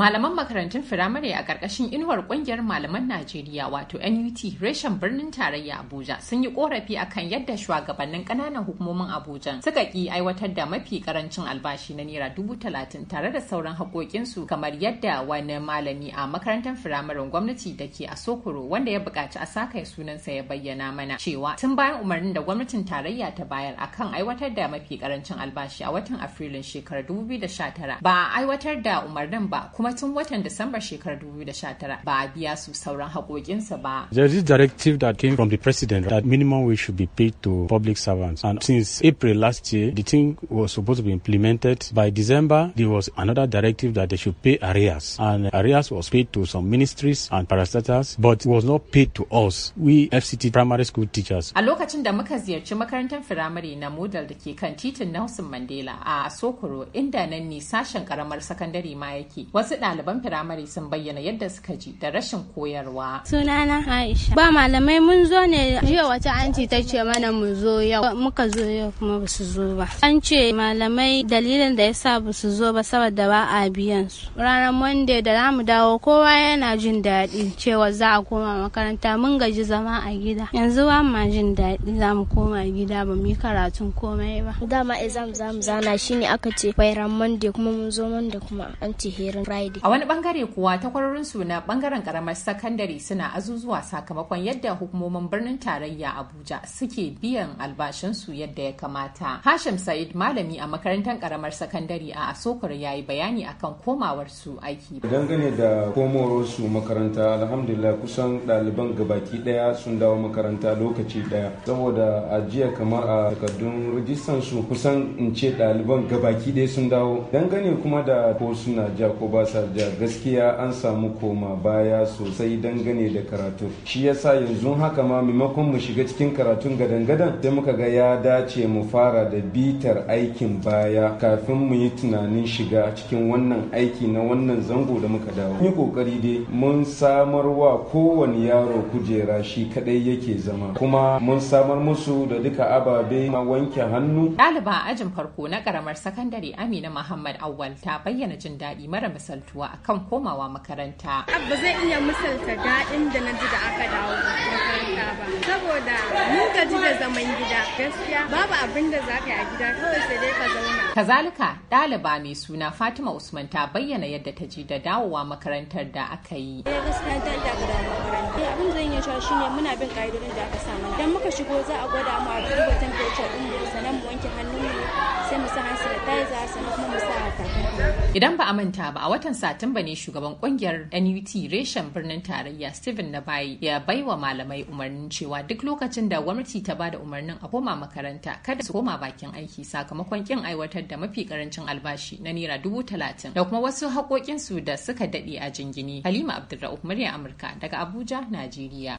Malaman makarantun firamare a ƙarƙashin inuwar ƙungiyar malaman Najeriya wato NUT reshen birnin tarayya Abuja sun yi korafi akan yadda shugabannin ƙananan hukumomin Abuja suka ki aiwatar da mafi ƙarancin albashi na naira dubu talatin tare da sauran haƙoƙinsu kamar yadda wani malami a makarantar firamaren gwamnati da ke a Sokoro wanda ya buƙaci a saka sunansa ya bayyana mana cewa tun bayan umarnin da gwamnatin tarayya ta bayar akan aiwatar da mafi karancin albashi a watan Afrilun shekarar 2019 ba a aiwatar da umarnin ba kuma kuma tun watan shekarar 2019 ba a biya su sauran ba. There is directive that came from the president that minimum wage should be paid to public servants. And since April last year, the thing was supposed to be implemented. By December, there was another directive that they should pay arrears. And arrears was paid to some ministries and parastatals, but was not paid to us. We FCT primary school teachers. A lokacin da muka ziyarci makarantar firamare na modal da ke kan titin Nelson Mandela a Sokoro, inda nan ne sashen karamar sakandare ma yake. Wasu ɗaliban firamare sun bayyana yadda suka ji da rashin koyarwa. Sunana Aisha. Ba malamai mun zo ne jiya wata anti ta ce mana mu zo yau muka zo yau kuma ba su zo ba. An ce malamai dalilin da ya sa ba su zo ba saboda ba a biyan su. Ranar Monday da za mu dawo kowa yana jin daɗi cewa za a koma makaranta mun gaji zama a gida. Yanzu ba ma jin daɗi za mu koma gida ba mu yi karatun komai ba. Dama exam za mu zana shine aka ce bayan Monday kuma mun zo Monday kuma an ce herin Friday. A wani bangare kuwa takwarorin su na bangaren karamar sakandare suna azuzuwa sakamakon yadda hukumomin birnin tarayya Abuja suke biyan albashinsu yadda ya kamata. Hashim Said malami a makarantar karamar sakandare a Asokoro ya yi bayani akan komawar su aiki. Dangane da komawar su makaranta alhamdulillah kusan ɗaliban gabaki ɗaya sun dawo makaranta lokaci ɗaya saboda ajiya kamar a takardun rijistan su kusan in ce ɗaliban gabaki ɗaya sun dawo. Dangane kuma da ko suna ko ba da gaskiya an samu koma baya sosai dangane da karatu. Shi yasa yanzu haka ma maimakon mu shiga cikin karatun gadan-gadan sai muka ga ya dace mu fara da bitar aikin baya kafin mu yi tunanin shiga cikin wannan aiki na wannan zango da muka dawo. yi kokari dai mun samar wa kowane yaro kujera shi kadai yake zama kuma mun samar musu da duka ababe wanke hannu. Ɗaliba ajin farko na karamar sakandare Amina Muhammad Awwal ta bayyana jin daɗi mara misali misaltuwa akan komawa makaranta. Abba zai iya misalta daɗin da na ji da aka dawo makaranta ba. Saboda mun ji da zaman gida gaskiya babu abin da za ka yi a gida kawai sai dai ka zauna. Kazalika ɗaliba mai suna Fatima Usman ta bayyana yadda ta ji da dawowa makarantar da aka yi. Eh gaskiya ta da dawo makaranta. Eh, abin zan iya cewa shine muna bin ƙa'idodin da aka sa mana. Idan muka shigo za a gwada mu a duba temperature ɗin mu sannan mu wanke hannun Idan ba a manta ba a watan Satumba ne shugaban kungiyar NUT reshen birnin tarayya Stephen Nabayi ya baiwa malamai umarnin cewa duk lokacin da gwamnati ta bada umarnin a koma makaranta kada su koma bakin aiki sakamakon kin aiwatar da mafi karancin albashi na naira dubu talatin da kuma wasu haƙoƙinsu da suka daɗe a jingini. Halima Abdulrahman murya Amurka daga Abuja, Najeriya.